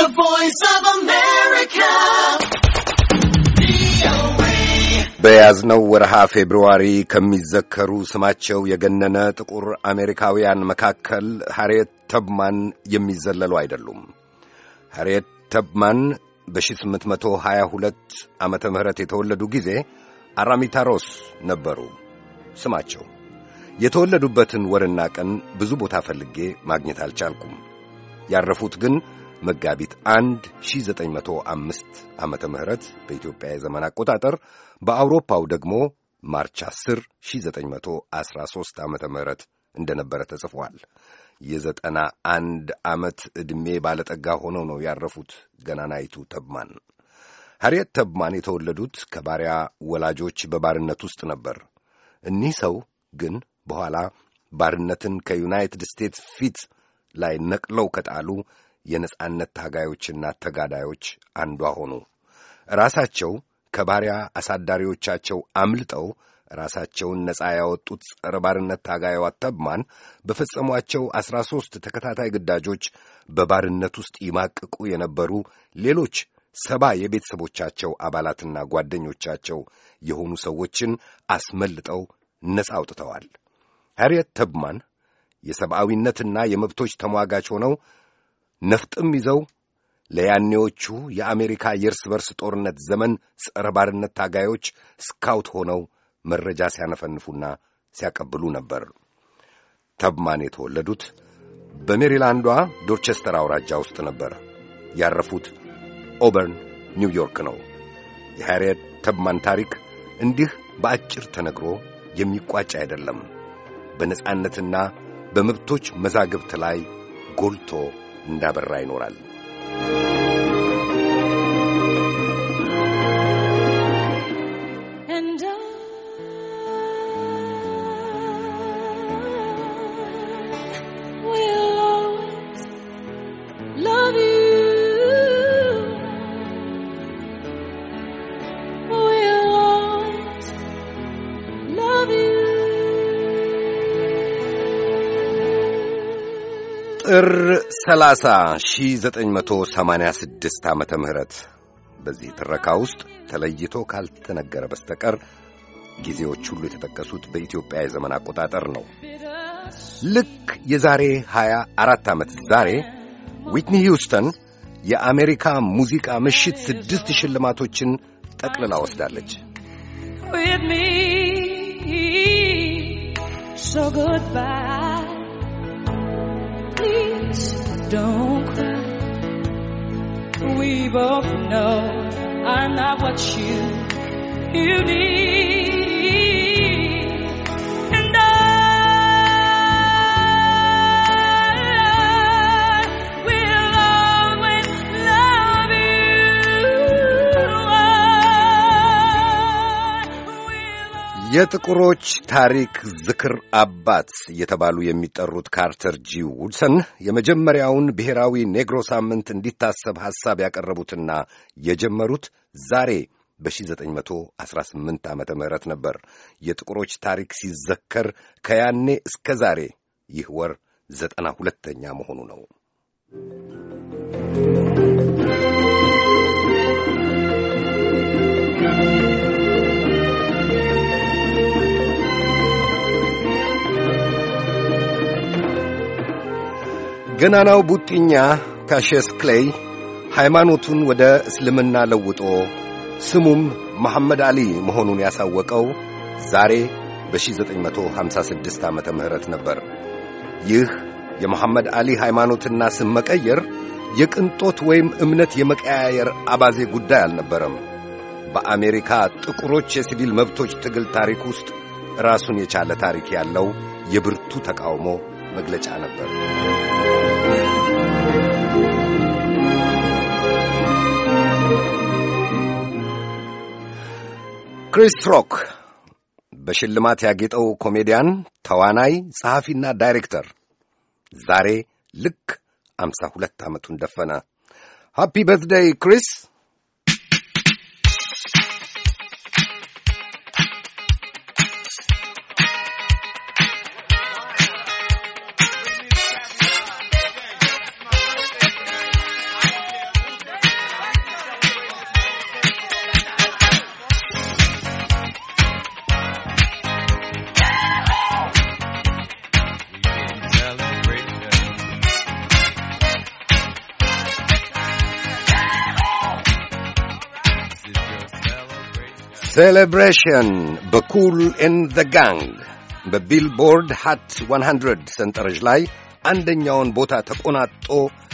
The Voice of America. በያዝነው ወርሃ ፌብርዋሪ ከሚዘከሩ ስማቸው የገነነ ጥቁር አሜሪካውያን መካከል ሃሪየት ተብማን የሚዘለሉ አይደሉም። ሃሪየት ተብማን በ1822 ዓመተ ምህረት የተወለዱ ጊዜ አራሚታ ሮስ ነበሩ ስማቸው። የተወለዱበትን ወርና ቀን ብዙ ቦታ ፈልጌ ማግኘት አልቻልኩም። ያረፉት ግን መጋቢት 1 1905 ዓመተ ምህረት በኢትዮጵያ የዘመን አቆጣጠር በአውሮፓው ደግሞ ማርች 10 1913 ዓ ም እንደነበረ ተጽፏል። የዘጠና አንድ ዓመት ዕድሜ ባለጠጋ ሆነው ነው ያረፉት ገናናይቱ ተብማን። ሐርየት ተብማን የተወለዱት ከባሪያ ወላጆች በባርነት ውስጥ ነበር። እኒህ ሰው ግን በኋላ ባርነትን ከዩናይትድ ስቴትስ ፊት ላይ ነቅለው ከጣሉ የነጻነት ታጋዮችና ተጋዳዮች አንዷ ሆኑ። ራሳቸው ከባሪያ አሳዳሪዎቻቸው አምልጠው ራሳቸውን ነጻ ያወጡት ጸረ ባርነት ታጋይዋ ተብማን በፈጸሟቸው ዐሥራ ሦስት ተከታታይ ግዳጆች በባርነት ውስጥ ይማቅቁ የነበሩ ሌሎች ሰባ የቤተሰቦቻቸው አባላትና ጓደኞቻቸው የሆኑ ሰዎችን አስመልጠው ነጻ አውጥተዋል። ሐርየት ተብማን የሰብአዊነትና የመብቶች ተሟጋች ሆነው ነፍጥም ይዘው ለያኔዎቹ የአሜሪካ የእርስ በርስ ጦርነት ዘመን ጸረ ባርነት ታጋዮች ስካውት ሆነው መረጃ ሲያነፈንፉና ሲያቀብሉ ነበር። ተብማን የተወለዱት በሜሪላንዷ ዶርቸስተር አውራጃ ውስጥ ነበር። ያረፉት ኦበርን ኒውዮርክ ነው። የሃሪየት ተብማን ታሪክ እንዲህ በአጭር ተነግሮ የሚቋጭ አይደለም። በነጻነትና በመብቶች መዛግብት ላይ ጎልቶ እንዳበራ ይኖራል። ጥር 30 1986 ዓመተ ምህረት በዚህ ትረካ ውስጥ ተለይቶ ካልተነገረ በስተቀር ጊዜዎች ሁሉ የተጠቀሱት በኢትዮጵያ የዘመን አቆጣጠር ነው። ልክ የዛሬ 24 ዓመት ዛሬ ዊትኒ ሂውስተን የአሜሪካ ሙዚቃ ምሽት ስድስት ሽልማቶችን ጠቅልላ ወስዳለች። so goodbye. don't cry. We both know I'm not what you you need. የጥቁሮች ታሪክ ዝክር አባት እየተባሉ የሚጠሩት ካርተር ጂ ውድሰን የመጀመሪያውን ብሔራዊ ኔግሮ ሳምንት እንዲታሰብ ሐሳብ ያቀረቡትና የጀመሩት ዛሬ በ1918 ዓ ም ነበር። የጥቁሮች ታሪክ ሲዘከር ከያኔ እስከ ዛሬ ይህ ወር ዘጠና ሁለተኛ መሆኑ ነው። ገናናው ቡጢኛ ካሽየስ ክሌይ ሃይማኖቱን ወደ እስልምና ለውጦ ስሙም መሐመድ አሊ መሆኑን ያሳወቀው ዛሬ በ1956 ዓመተ ምህረት ነበር። ይህ የመሐመድ አሊ ሃይማኖትና ስም መቀየር የቅንጦት ወይም እምነት የመቀያየር አባዜ ጉዳይ አልነበረም። በአሜሪካ ጥቁሮች የሲቪል መብቶች ትግል ታሪክ ውስጥ ራሱን የቻለ ታሪክ ያለው የብርቱ ተቃውሞ መግለጫ ነበር። ክሪስ ሮክ በሽልማት ያጌጠው ኮሜዲያን፣ ተዋናይ፣ ጸሐፊና ዳይሬክተር ዛሬ ልክ አምሳ ሁለት ዓመቱን ደፈነ። ሃፒ በርትደይ ክሪስ! ሴሌብሬሽን በኩል ኢን ዘ ጋንግ በቢልቦርድ ሃት 100 ሰንጠረዥ ላይ አንደኛውን ቦታ ተቆናጦ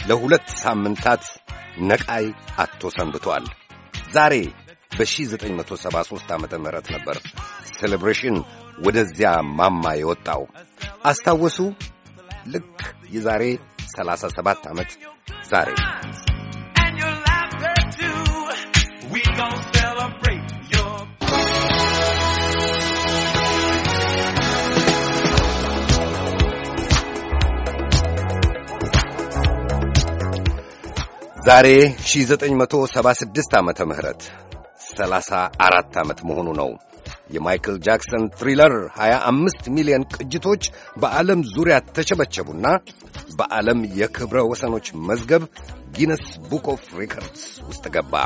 ለሁለት ሳምንታት ነቃይ አቶ ሰንብቷል። ዛሬ በ1973 ዓ ም ነበር ሴሌብሬሽን ወደዚያ ማማ የወጣው። አስታወሱ ልክ የዛሬ 37 ዓመት ዛሬ ዛሬ 1976 ዓመተ ምህረት 34 ዓመት መሆኑ ነው። የማይክል ጃክሰን ትሪለር 25 ሚሊዮን ቅጅቶች በዓለም ዙሪያ ተቸበቸቡና በዓለም የክብረ ወሰኖች መዝገብ ጊነስ ቡክ ኦፍ ሪከርድስ ውስጥ ገባ።